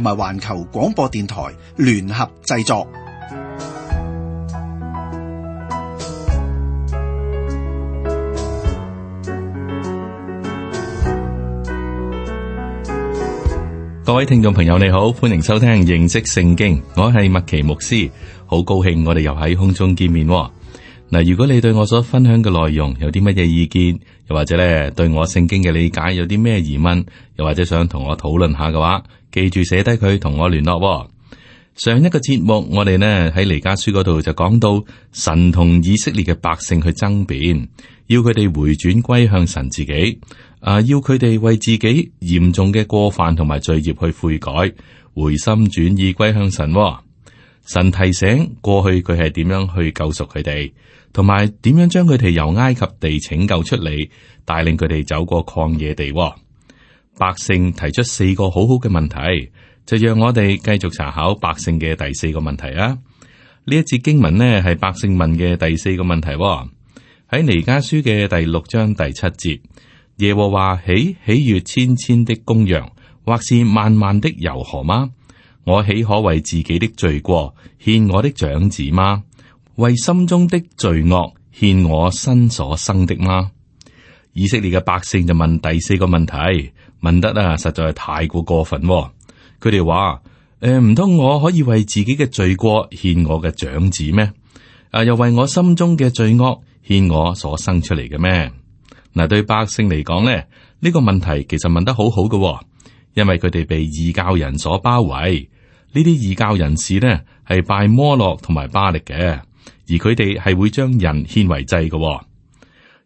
同埋環球廣播電台聯合製作。各位聽眾朋友，你好，歡迎收聽《認識聖經》，我係麥奇牧師，好高興我哋又喺空中見面嗱。如果你對我所分享嘅內容有啲乜嘢意見，又或者咧對我聖經嘅理解有啲咩疑問，又或者想同我討論下嘅話，記住寫低佢同我聯絡，哦。上一個節目我哋呢喺彌迦書嗰度就講到神同以色列嘅百姓去爭辯，要佢哋回轉歸向神自己，啊，要佢哋為自己嚴重嘅過犯同埋罪孽去悔改，回心轉意歸向神，哦。神提醒過去佢係點樣去救贖佢哋，同埋點樣將佢哋由埃及地拯救出嚟，帶領佢哋走過曠野地，哦。百姓提出四個好好嘅問題，就讓我哋繼續查考百姓嘅第四個問題啊。呢一節經文呢係百姓問嘅第四個問題喎。喺彌迦書嘅第六章第七節，耶和華豈喜悅千千的公羊，或是萬萬的油河嗎？我豈可為自己的罪過獻我的長子嗎？為心中的罪惡獻我身所生的嗎？以色列嘅百姓就問第四個問題。問得啊，實在係太過過分。佢哋話：誒，唔通我可以為自己嘅罪過獻我嘅長子咩？啊，又為我心中嘅罪惡獻我所生出嚟嘅咩？嗱，對百姓嚟講呢，呢、呢個問題其實問得好好嘅，因為佢哋被異教人所包圍，呢啲異教人士呢，係拜摩洛同埋巴力嘅，而佢哋係會將人獻為祭嘅。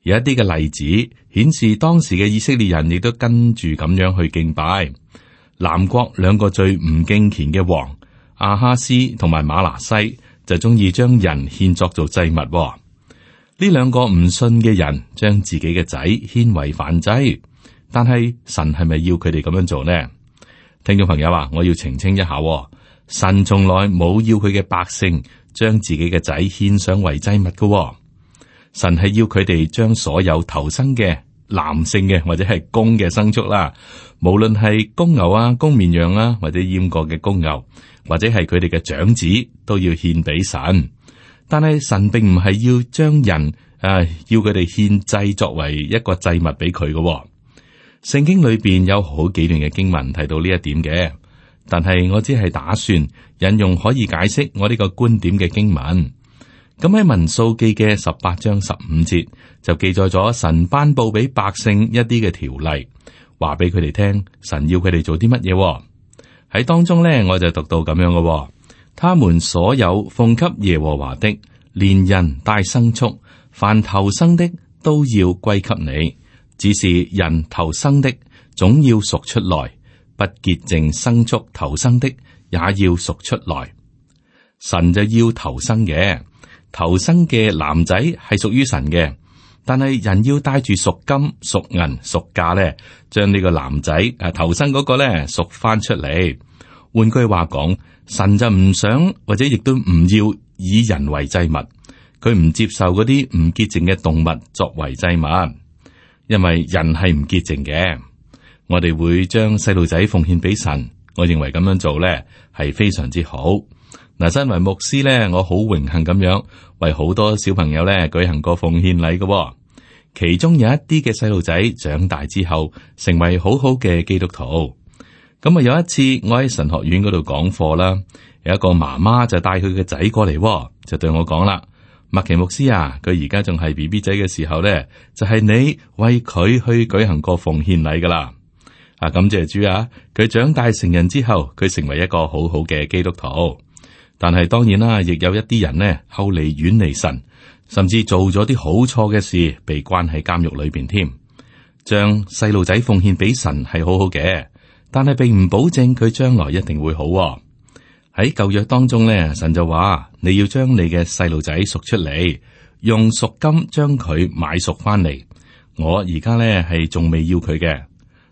有一啲嘅例子顯示，當時嘅以色列人亦都跟住咁樣去敬拜南國兩個最唔敬虔嘅王亞哈斯同埋馬拿西，就中意將人獻作做祭物。呢兩個唔信嘅人，將自己嘅仔獻為燔祭。但係神係咪要佢哋咁樣做呢？聽眾朋友啊，我要澄清一下，神從來冇要佢嘅百姓將自己嘅仔獻上為祭物噶。神係要佢哋將所有頭生嘅男性嘅，或者係公嘅牲畜啦，無論係公牛啊、公綿羊啦，或者閹過嘅公牛，公或者係佢哋嘅長子，都要獻俾神。但係神並唔係要將人誒、啊，要佢哋獻祭作為一個祭物俾佢嘅。聖經裏邊有好幾段嘅經文提到呢一點嘅，但係我只係打算引用可以解釋我呢個觀點嘅經文。咁喺《民數記》嘅十八章十五節就記載咗神頒布俾百姓一啲嘅條例，話俾佢哋聽，神要佢哋做啲乜嘢喺當中呢，我就讀到咁樣嘅，他們所有奉給耶和華的連人帶牲畜，凡頭生的都要歸給你，只是人頭生的總要贖出來，不潔淨牲畜頭生的也要贖出來。神就要頭生嘅。頭生嘅男仔係屬於神嘅，但係人要帶住贖金、贖銀、贖價咧，將呢個男仔誒頭生嗰個咧贖翻出嚟。換句話講，神就唔想或者亦都唔要以人為祭物，佢唔接受嗰啲唔潔淨嘅動物作為祭物，因為人係唔潔淨嘅。我哋會將細路仔奉獻俾神，我認為咁樣做咧係非常之好。嗱，身為牧師咧，我好榮幸咁樣為好多小朋友咧舉行過奉獻禮噶，其中有一啲嘅細路仔長大之後成為好好嘅基督徒。咁啊，有一次我喺神學院嗰度講課啦，有一個媽媽就帶佢嘅仔過嚟，就對我講啦：「麥奇牧師啊，佢而家仲係 BB 仔嘅時候咧，就係你為佢去舉行過奉獻禮噶啦。啊，感謝主啊！佢長大成人之後，佢成為一個好好嘅基督徒。但係當然啦，亦有一啲人呢，後嚟遠離神，甚至做咗啲好錯嘅事，被關喺監獄裏邊添。將細路仔奉獻俾神係好好嘅，但係並唔保證佢將來一定會好喎。喺舊約當中呢，神就話：你要將你嘅細路仔贖出嚟，用贖金將佢買贖翻嚟。我而家呢，係仲未要佢嘅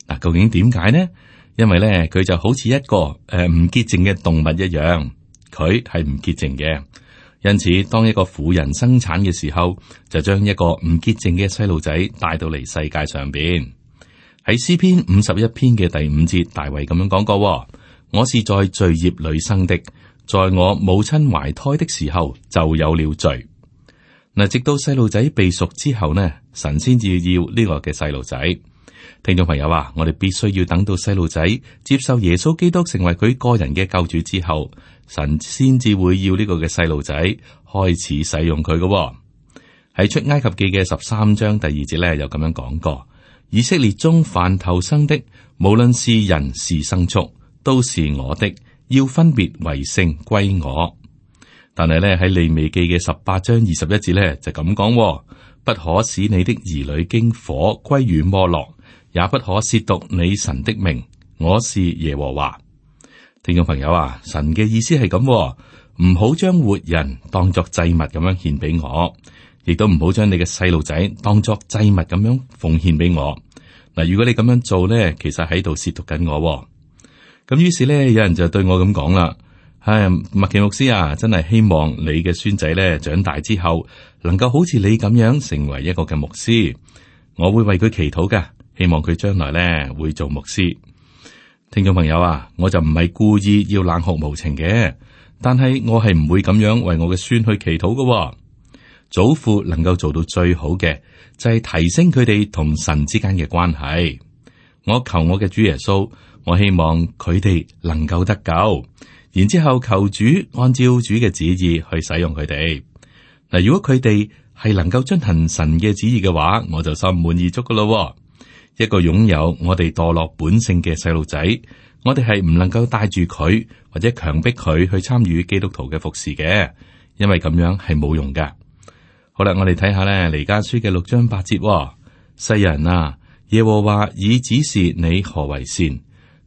嗱。究竟點解呢？因為咧佢就好似一個誒唔潔淨嘅動物一樣。佢係唔潔淨嘅，因此當一個婦人生產嘅時候，就將一個唔潔淨嘅細路仔帶到嚟世界上邊。喺詩篇五十一篇嘅第五節，大衛咁樣講過：，我是在罪孽裏生的，在我母親懷胎的時候就有了罪。嗱，直到細路仔被贖之後呢，神先至要呢個嘅細路仔。聽眾朋友啊，我哋必須要等到細路仔接受耶穌基督成為佢個人嘅救主之後，神先至會要呢個嘅細路仔開始使用佢嘅喎。喺出埃及記嘅十三章第二節咧，有咁樣講過：以色列中凡頭生的，無論是人是牲畜，都是我的，要分別為聖歸我。但係咧喺利未記嘅十八章二十一節咧就咁講，哦，不可使你的兒女經火歸於摩洛。也不可褻瀆你神的名，我是耶和華。聽眾朋友啊，神嘅意思係咁、哦，唔好將活人當作祭物咁樣獻俾我，亦都唔好將你嘅細路仔當作祭物咁樣奉獻俾我嗱。如果你咁樣做咧，其實喺度褻瀆緊我咁。於是咧，有人就對我咁講啦：唉、哎，麥奇牧師啊，真係希望你嘅孫仔咧長大之後能夠好似你咁樣成為一個嘅牧師，我會為佢祈禱嘅。希望佢將來咧會做牧師。聽眾朋友啊，我就唔係故意要冷酷無情嘅，但係我係唔會咁樣為我嘅孫去祈禱嘅。祖父能夠做到最好嘅就係提升佢哋同神之間嘅關係。我求我嘅主耶穌，我希望佢哋能夠得救，然之後求主按照主嘅旨意去使用佢哋嗱。如果佢哋係能夠遵行神嘅旨意嘅話，我就心滿意足噶啦。一個擁有我哋墮落本性嘅細路仔，我哋係唔能夠帶住佢或者強迫佢去參與基督徒嘅服侍嘅，因為咁樣係冇用噶。好啦，我哋睇下咧，彌迦書嘅六章八節。哦，世人啊，耶和華已指示你何為善，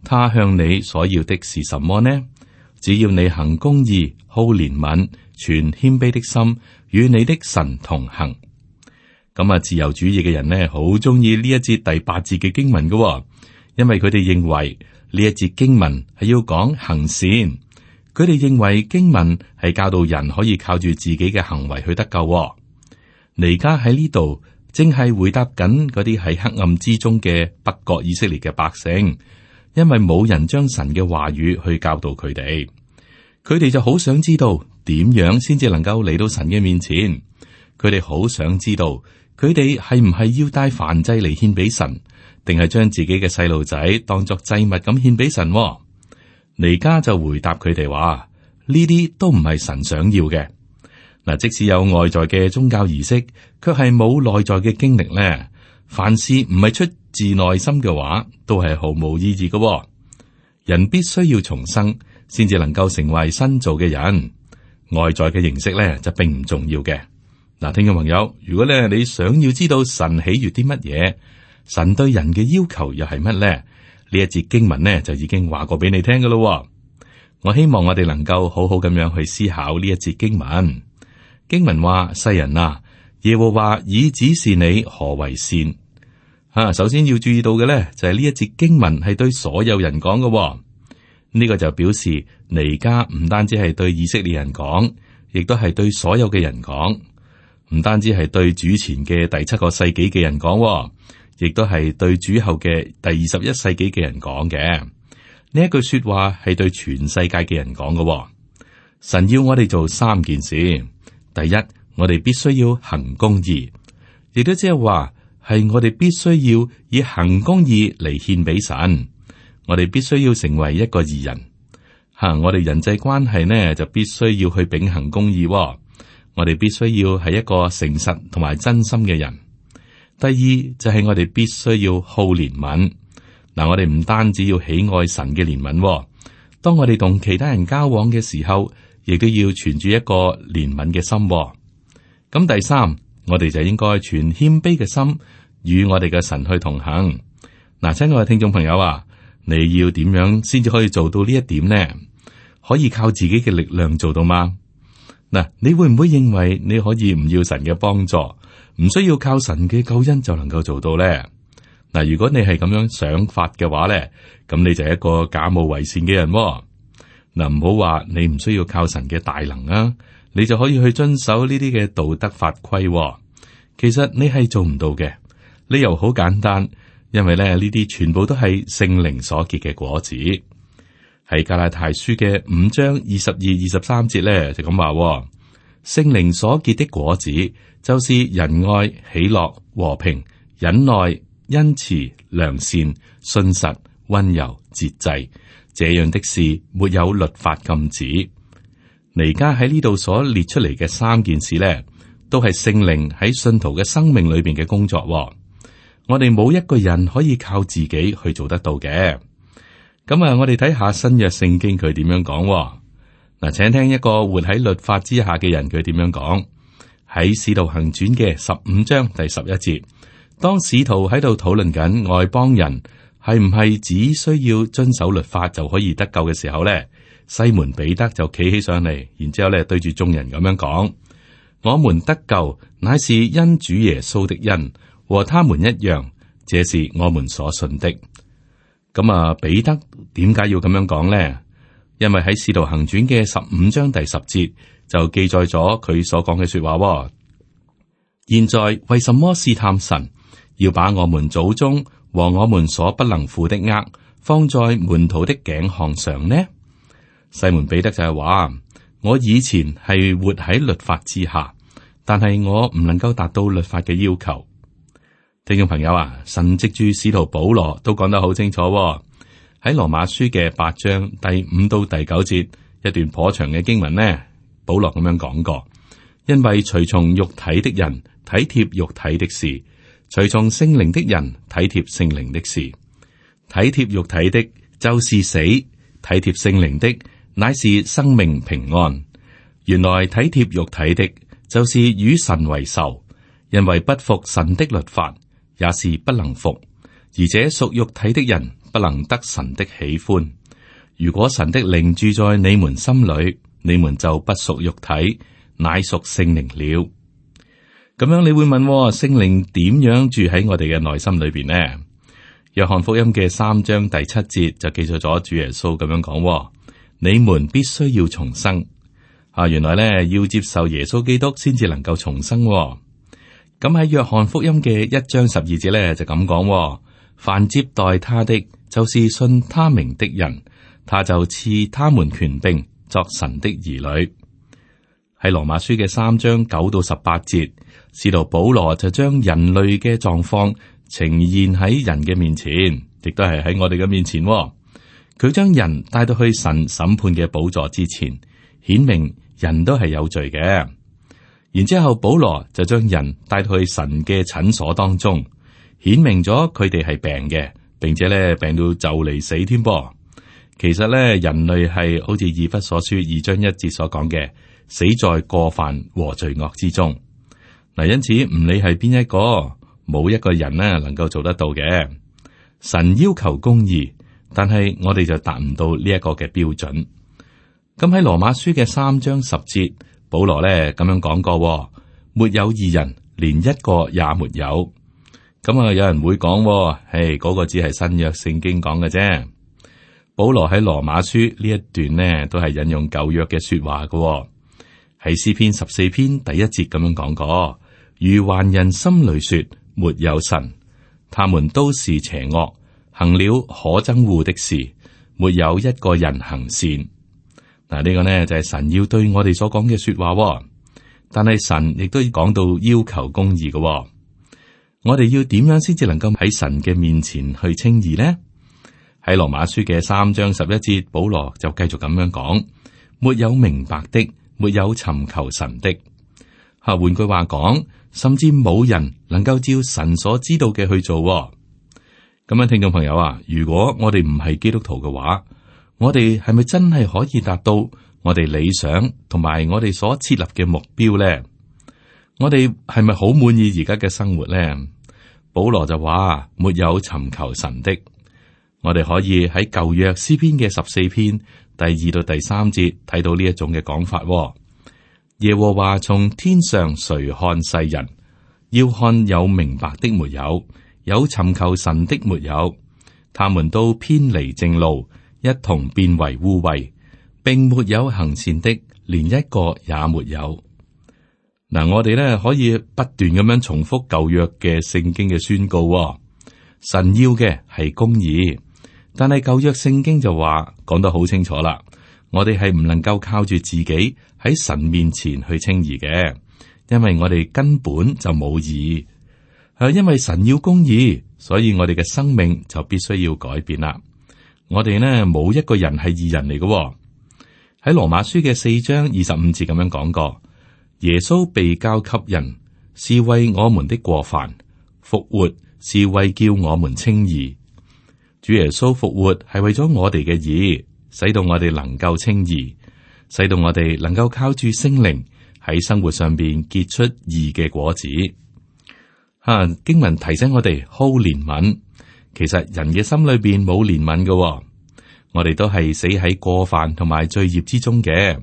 他向你所要的是什麼呢？只要你行公義、好憐憫、存謙卑的心，與你的神同行。咁啊，自由主義嘅人呢，好中意呢一節第八節嘅經文噶、哦，因為佢哋認為呢一節經文係要講行善，佢哋認為經文係教導人可以靠住自己嘅行為去得救、哦。而家喺呢度正係回答緊嗰啲喺黑暗之中嘅北國以色列嘅百姓，因為冇人將神嘅話語去教導佢哋，佢哋就好想知道點樣先至能夠嚟到神嘅面前，佢哋好想知道。佢哋係唔係要帶燔祭嚟獻俾神，定係將自己嘅細路仔當作祭物咁獻俾神？彌迦就回答佢哋話：呢啲都唔係神想要嘅。嗱，即使有外在嘅宗教儀式，卻係冇內在嘅經歷呢。凡事唔係出自內心嘅話，都係毫無意義嘅。人必須要重生，先至能夠成為新造嘅人。外在嘅形式呢，就並唔重要嘅。嗱，聽眾朋友，如果咧你想要知道神喜悅啲乜嘢，神對人嘅要求又係乜咧？呢一節經文咧就已經話過俾你聽嘅咯。我希望我哋能夠好好咁樣去思考呢一節經文。經文話：世人啊，耶和華已指示你何為善啊。首先要注意到嘅咧就係、是、呢一節經文係對所有人講嘅。呢、這個就表示彌迦唔單止係對以色列人講，亦都係對所有嘅人講。唔單止係對主前嘅第七個世紀嘅人講、哦，亦都係對主後嘅第二十一世紀嘅人講嘅。呢一句說話係對全世界嘅人講嘅、哦。神要我哋做三件事，第一，我哋必須要行公義，亦都即係話係我哋必須要以行公義嚟獻俾神。我哋必須要成為一個義人。吓、啊，我哋人際關係呢，就必須要去秉行公義、哦。我哋必須要係一個誠實同埋真心嘅人。第二就係，我哋必須要好憐憫。嗱，我哋唔單止要喜愛神嘅憐憫，當我哋同其他人交往嘅時候，亦都要存住一個憐憫嘅心。咁第三，我哋就應該存謙卑嘅心，與我哋嘅神去同行。嗱，親愛嘅聽眾朋友啊，你要點樣先至可以做到呢一點呢？可以靠自己嘅力量做到嗎？嗱，你會唔會認為你可以唔要神嘅幫助，唔需要靠神嘅救恩就能夠做到呢？嗱，如果你係咁樣想法嘅話咧，咁你就係一個假冒為善嘅人喎。嗱，唔好話你唔需要靠神嘅大能啊，你就可以去遵守呢啲嘅道德法規喎。其實你係做唔到嘅，理由好簡單，因為咧呢啲全部都係聖靈所結嘅果子。係《加拉太書》嘅五章二十二、二十三節咧，就咁話，聖靈所結的果子，就是仁愛、喜樂、和平、忍耐、恩慈、良善、信實、溫柔、節制。這樣的事沒有律法禁止。彌迦喺呢度所列出嚟嘅三件事呢，都係聖靈喺信徒嘅生命裏邊嘅工作。我哋冇一個人可以靠自己去做得到嘅。咁啊，我哋睇下新約聖經佢點樣講嗱、哦，請聽一個活喺律法之下嘅人佢點樣講喺使徒行傳嘅十五章第十一節，當使徒喺度討論緊外邦人係唔係只需要遵守律法就可以得救嘅時候呢，西門彼得就企起上嚟，然之後咧對住眾人咁樣講：，我們得救乃是因主耶穌的恩，和他們一樣，這是我們所信的。咁啊，彼得。點解要咁樣講呢？因為喺《使徒行傳》嘅十五章第十節就記載咗佢所講嘅說話。現在為什麼試探神，要把我們祖宗和我們所不能負的軛放在門徒的頸項上呢？西門彼得就係話：我以前係活喺律法之下，但係我唔能夠達到律法嘅要求。聽眾朋友啊，神藉住使徒保羅都講得好清楚、啊。喺羅馬書嘅八章第五到第九節一段頗長嘅經文呢，保羅咁樣講過，因為隨從肉體的人體貼肉體的事，隨從聖靈的人體貼聖靈的事。體貼肉體的，就是死；體貼聖靈的，乃是生命平安。原來體貼肉體的，就是與神為仇，因為不服神的律法，也是不能服。而且屬肉體的人。不能得神的喜歡。如果神的靈住在你們心裏，你們就不屬肉體，乃屬聖靈了。咁樣你會問：哦、聖靈點樣住喺我哋嘅內心裏邊呢？約翰福音嘅三章第七節就記載咗主耶穌咁樣講、哦：你們必須要重生。啊，原來呢要接受耶穌基督先至能夠重生、哦。咁喺約翰福音嘅一章十二節呢，就咁講：凡、哦、接待他的。就是信他名的人，他就賜他們權柄作神的兒女。喺羅馬書嘅三章九到十八節，使徒保羅就將人類嘅狀況呈現喺人嘅面前，亦都係喺我哋嘅面前，哦。佢將人帶到去神審判嘅寶座之前，顯明人都係有罪嘅。然之後保羅就將人帶到去神嘅診所當中，顯明咗佢哋係病嘅。並且咧病到就嚟死添噃，其實咧人類係好似以弗所書二章一節所講嘅，死在過犯和罪惡之中。嗱，因此唔理係邊一個，冇一個人咧能夠做得到嘅。神要求公義，但係我哋就達唔到呢一個嘅標準。咁喺羅馬書嘅三章十節，保羅咧咁樣講過，沒有義人，連一個也沒有。咁啊！有人會講，誒，嗰個只係新約聖經講嘅啫。保羅喺羅馬書呢一段呢，都係引用舊約嘅說話嘅，喺詩篇十四篇第一節咁樣講過：如患人心裏說，沒有神，他們都是邪惡，行了可憎惡的事，沒有一個人行善。嗱，呢個呢，就係神要對我哋所講嘅說話。但係神亦都講到要求公義嘅。我哋要點樣先至能夠喺神嘅面前去稱義呢？喺羅馬書嘅三章十一節，保羅就繼續咁樣講：沒有明白的，沒有尋求神的。吓，換句話講，甚至冇人能夠照神所知道嘅去做。咁樣，聽眾朋友啊，如果我哋唔係基督徒嘅話，我哋係咪真係可以達到我哋理想同埋我哋所設立嘅目標呢？我哋係咪好滿意而家嘅生活呢？保羅就話：沒有尋求神的，我哋可以喺舊約詩篇嘅十四篇第二到第三節睇到呢一種嘅講法。耶和華從天上垂看世人，要看有明白的沒有，有尋求神的沒有，他們都偏離正路，一同變為污穢，並沒有行善的，連一個也沒有。嗱，我哋咧可以不斷咁樣重複舊約嘅聖經嘅宣告。哦，神要嘅係公義，但係舊約聖經就話講得好清楚啦，我哋係唔能夠靠住自己喺神面前去稱義嘅，因為我哋根本就冇義，係因為神要公義，所以我哋嘅生命就必須要改變啦。我哋呢冇一個人係義人嚟嘅。哦，喺羅馬書嘅四章二十五節咁樣講過。耶穌被交給人，是為我們的過犯復活，是為叫我們稱義。主耶穌復活係為咗我哋嘅義，使到我哋能夠稱義，使到我哋能夠靠住聖靈喺生活上邊結出義嘅果子。啊，經文提醒我哋好憐憫，其實人嘅心裏邊冇憐憫嘅，哦，我哋都係死喺過犯同埋罪孽之中嘅。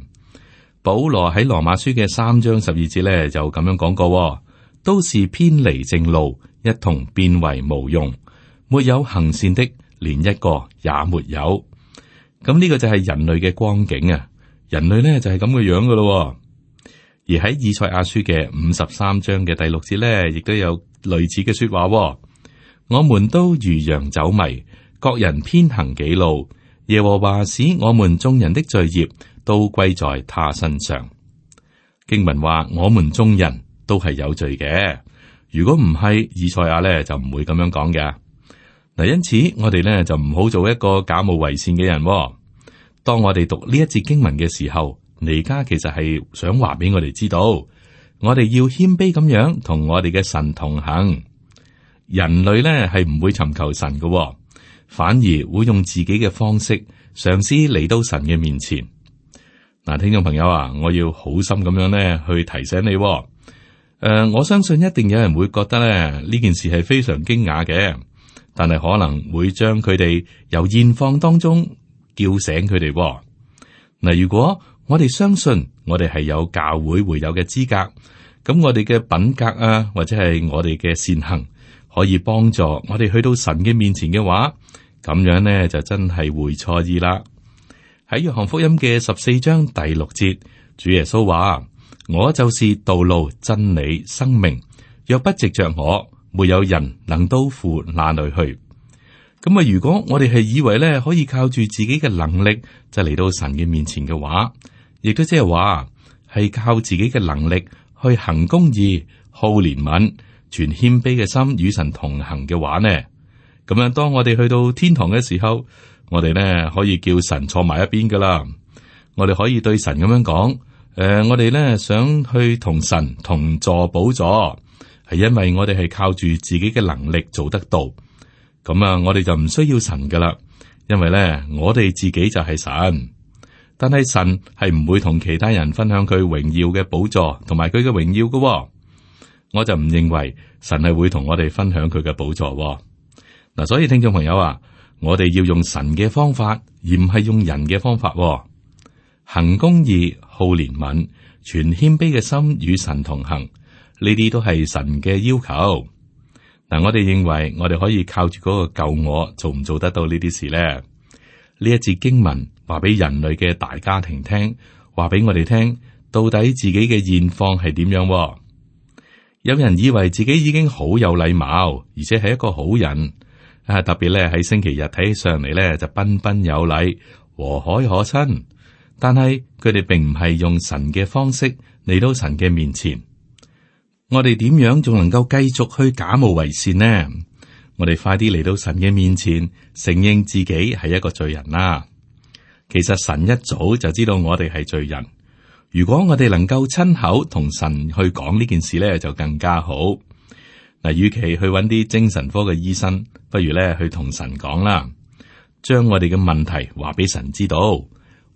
保羅喺羅馬書嘅三章十二節呢就咁樣講過、哦，都是偏離正路，一同變為無用，沒有行善的，連一個也沒有。咁呢個就係人類嘅光景啊！人類呢就係咁嘅樣嘅咯。而喺以賽亞書嘅五十三章嘅第六節呢，亦都有類似嘅說話、哦。我們都如羊走迷，各人偏行己路。耶和華使我們眾人的罪孽，都歸在他身上。經文話：我們中人都係有罪嘅。如果唔係以賽亞咧，就唔會咁樣講嘅。嗱，因此我哋咧就唔好做一個假冒為善嘅人。當我哋讀呢一節經文嘅時候，彌迦其實係想話俾我哋知道，我哋要謙卑咁樣同我哋嘅神同行。人類咧係唔會尋求神嘅，反而會用自己嘅方式嘗試嚟到神嘅面前。嗱，聽眾朋友啊，我要好心咁樣咧去提醒你、啊，誒、呃，我相信一定有人會覺得咧呢件事係非常驚訝嘅，但係可能會將佢哋由現況當中叫醒佢哋、啊。嗱、呃，如果我哋相信我哋係有教會會友嘅資格，咁我哋嘅品格啊，或者係我哋嘅善行，可以幫助我哋去到神嘅面前嘅話，咁樣呢就真係會錯意啦。喺約翰福音嘅十四章第六節，主耶穌話：我就是道路、真理、生命。若不藉着我，沒有人能到父那裏去。咁啊，如果我哋係以為咧可以靠住自己嘅能力就嚟到神嘅面前嘅話，亦都即係話係靠自己嘅能力去行公義、好憐憫、全謙卑嘅心與神同行嘅話呢？咁樣當我哋去到天堂嘅時候。我哋咧可以叫神坐埋一邊噶啦，我哋可以對神咁樣講，誒、呃，我哋咧想去同神同坐寶座，係因為我哋係靠住自己嘅能力做得到，咁啊，我哋就唔需要神噶啦，因為咧我哋自己就係神，但係神係唔會同其他人分享佢榮耀嘅寶座同埋佢嘅榮耀噶、哦，我就唔認為神係會同我哋分享佢嘅寶座、哦。嗱、啊，所以聽眾朋友啊。我哋要用神嘅方法，而唔係用人嘅方法、哦。行公義、好憐憫、全謙卑嘅心，與神同行，呢啲都係神嘅要求。嗱，我哋認為我哋可以靠住嗰個舊我做唔做得到呢啲事呢？呢一節經文話俾人類嘅大家庭聽，話俾我哋聽到底自己嘅現況係點樣、哦？有人以為自己已經好有禮貌，而且係一個好人。啊！特別咧喺星期日睇起上嚟咧，就彬彬有禮、和藹可親。但係佢哋並唔係用神嘅方式嚟到神嘅面前。我哋點樣仲能夠繼續去假冒為善呢？我哋快啲嚟到神嘅面前，承認自己係一個罪人啦。其實神一早就知道我哋係罪人。如果我哋能夠親口同神去講呢件事咧，就更加好嗱。與其去揾啲精神科嘅醫生。不如咧去同神講啦，將我哋嘅問題話俾神知道，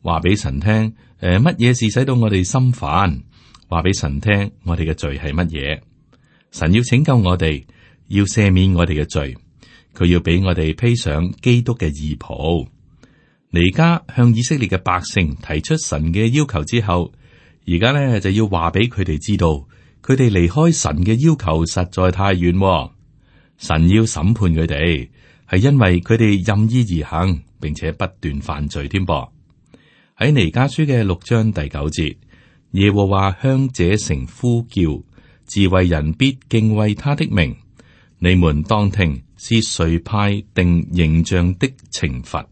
話俾神聽。誒、呃，乜嘢事使到我哋心煩？話俾神聽，我哋嘅罪係乜嘢？神要拯救我哋，要赦免我哋嘅罪，佢要俾我哋披上基督嘅義袍。彌迦向以色列嘅百姓提出神嘅要求之後，而家咧就要話俾佢哋知道，佢哋離開神嘅要求實在太遠。神要審判佢哋，係因為佢哋任意而行，並且不斷犯罪添噃。喺彌迦書嘅六章第九節，耶和華向這城呼叫，智慧人必敬畏他的名。你們當聽是誰派定刑杖的懲罰？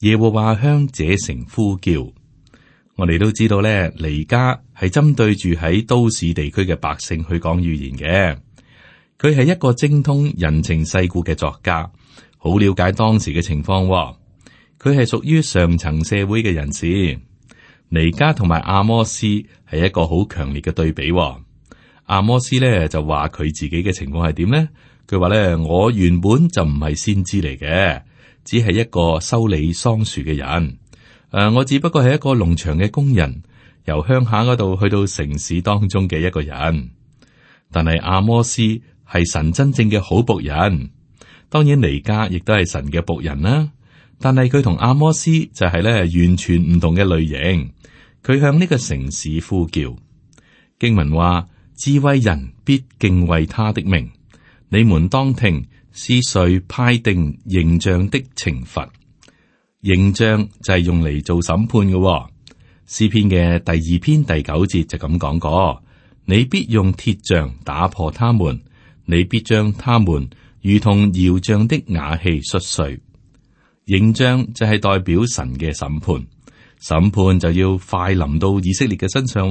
耶和華向這城呼叫。我哋都知道呢，彌迦係針對住喺都市地區嘅百姓去講預言嘅。佢係一個精通人情世故嘅作家，好了解當時嘅情況喎。佢係屬於上層社會嘅人士。彌迦同埋阿摩斯係一個好強烈嘅對比喎。阿摩斯咧就話佢自己嘅情況係點呢？佢話咧我原本就唔係先知嚟嘅，只係一個修理桑樹嘅人。誒，我只不過係一個農場嘅工人，由鄉下嗰度去到城市當中嘅一個人。但係阿摩斯。係神真正嘅好僕人，當然彌迦亦都係神嘅僕人啦。但係佢同阿摩斯就係咧完全唔同嘅類型。佢向呢個城市呼叫經文話：智慧人必敬畏他的名。你們當聽是誰派定刑杖的懲罰？刑杖就係用嚟做審判嘅，哦。詩篇嘅第二篇第九節就咁講過：你必用鐵杖打破他們。你必將他們，如同窯匠的瓦器摔碎。形象就係代表神嘅審判，審判就要快臨到以色列嘅身上。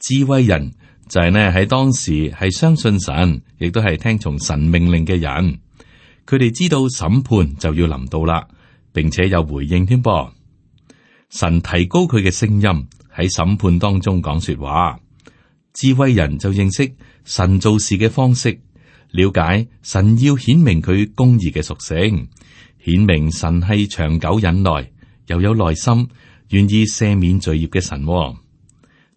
智慧人就係呢喺當時係相信神，亦都係聽從神命令嘅人。佢哋知道審判就要臨到啦，並且有回應添噃。神提高佢嘅聲音喺審判當中講說話。智慧人就認識神做事嘅方式，了解神要顯明佢公義嘅屬性，顯明神係長久忍耐，又有耐心，願意赦免罪孽嘅神。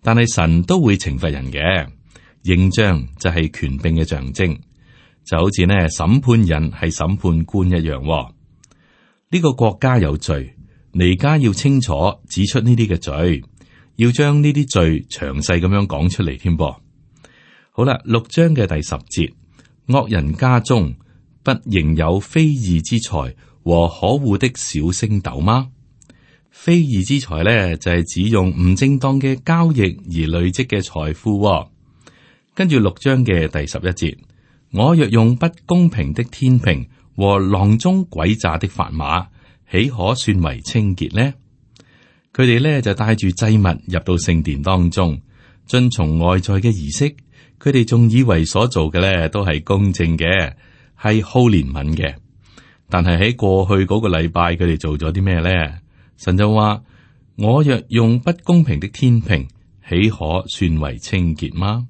但係神都會懲罰人嘅，印章就係權柄嘅象徵，就好似呢審判人係審判官一樣。呢、這個國家有罪，彌迦要清楚指出呢啲嘅罪。要將呢啲罪詳細咁樣講出嚟添噃。好啦，六章嘅第十節，惡人家中不仍有非義之財和可惡的小升斗嗎？非義之財呢，就係指用唔正當嘅交易而累積嘅財富。跟住六章嘅第十一節，我若用不公平的天平和囊中詭詐的砝碼，豈可算為清潔呢？佢哋咧就帶住祭物入到聖殿當中，遵從外在嘅儀式，佢哋仲以為所做嘅咧都係公正嘅，係好憐憫嘅。但係喺過去嗰個禮拜，佢哋做咗啲咩咧？神就話：我若用不公平的天平，豈可算為清潔嗎？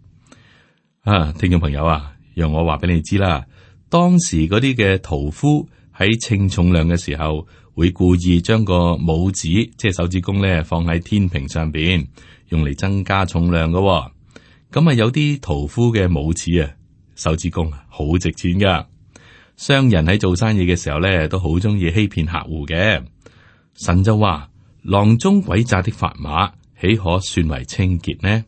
啊，聽眾朋友啊，讓我話俾你知啦，當時嗰啲嘅屠夫喺稱重量嘅時候。會故意將個拇指即係手指公咧，放喺天平上邊，用嚟增加重量噶哦。咁啊有啲屠夫嘅拇指啊手指公，好值錢噶。商人，喺做生意嘅時候咧，都好中意欺騙客戶嘅。神就話：囊中詭詐的法碼，豈可算為清潔呢？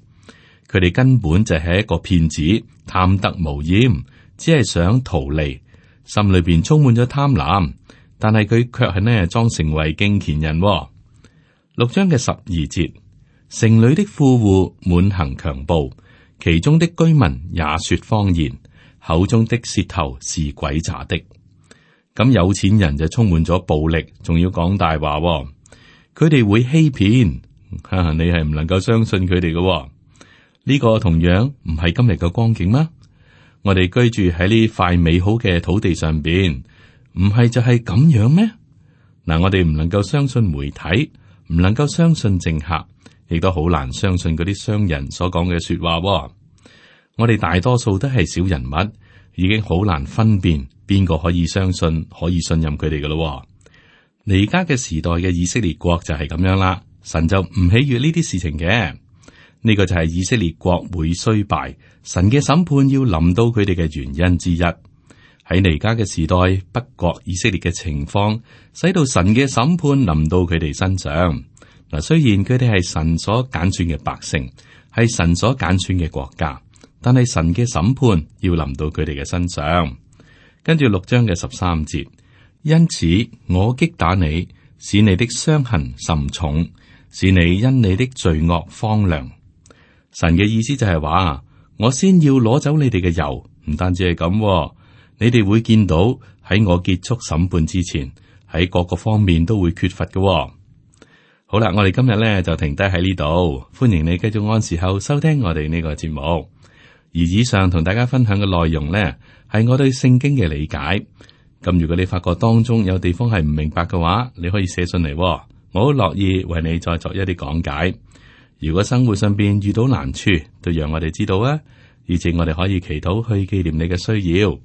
佢哋根本就係一個騙子，貪得無厭，只係想圖利，心裏邊充滿咗貪婪。但係佢卻係呢裝成為敬虔人、哦。六章嘅十二節，城裏的富戶滿行強暴，其中的居民也說謊言，口中的舌頭是鬼詐的。咁有錢人就充滿咗暴力，仲要講大話，佢哋會欺騙，哈，你係唔能夠相信佢哋嘅。呢、這個同樣唔係今日嘅光景嗎？我哋居住喺呢塊美好嘅土地上邊。唔係就係咁樣咩？嗱，我哋唔能夠相信媒體，唔能夠相信政客，亦都好難相信嗰啲商人所講嘅說話。我哋大多數都係小人物，已經好難分辨邊個可以相信，可以信任佢哋嘅咯。彌迦嘅時代嘅以色列國就係咁樣啦。神就唔喜悅呢啲事情嘅，呢、呢個就係以色列國會衰敗，神嘅審判要臨到佢哋嘅原因之一。喺彌迦嘅時代，北國以色列嘅情況，使到神嘅審判臨到佢哋身上嗱。雖然佢哋係神所揀選嘅百姓，係神所揀選嘅國家，但係神嘅審判要臨到佢哋嘅身上。跟住六章嘅十三節，因此我擊打你，使你的傷痕甚重，使你因你的罪惡荒涼。神嘅意思就係話，我先要攞走你哋嘅油，唔單止係咁。你哋會見到喺我結束審判之前，喺各個方面都會缺乏嘅喎。好啦，我哋今日咧就停低喺呢度，歡迎你繼續按時候收聽我哋呢個節目。而以上同大家分享嘅內容呢，係我對聖經嘅理解。咁如果你發覺當中有地方係唔明白嘅話，你可以寫信嚟喎，我好樂意為你再作一啲講解。如果生活上邊遇到難處，都讓我哋知道啊，以至我哋可以祈禱去紀念你嘅需要。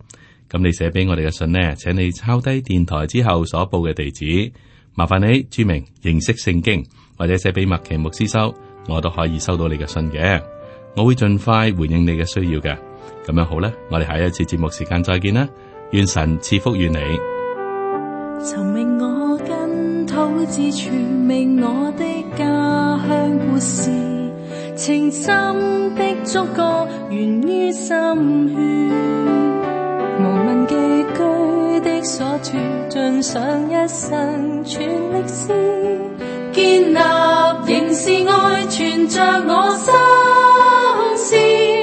咁你寫俾我哋嘅信呢，請你抄低電台之後所報嘅地址，麻煩你註明認識聖經，或者寫俾麥奇牧師收，我都可以收到你嘅信嘅，我會盡快回應你嘅需要嘅。咁樣好啦，我哋下一次節目時間再見啦，願神賜福與你。尋覓我根土之處，為我的家鄉故事，情深的觸覺，源於心血。無問寄居的所處，盡上一生全力思建立，仍是愛存着我心思，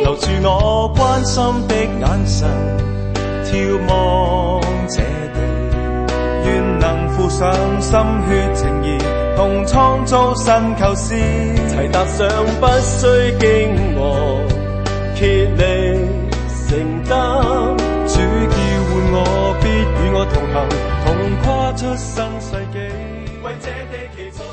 留住我關心的眼神，眺望這地，願能付上心血情誼，同創造新構思，齊踏上不需驚惶，竭力承擔。主叫喚我，必與我同行，同跨出新世紀，為這地祈求。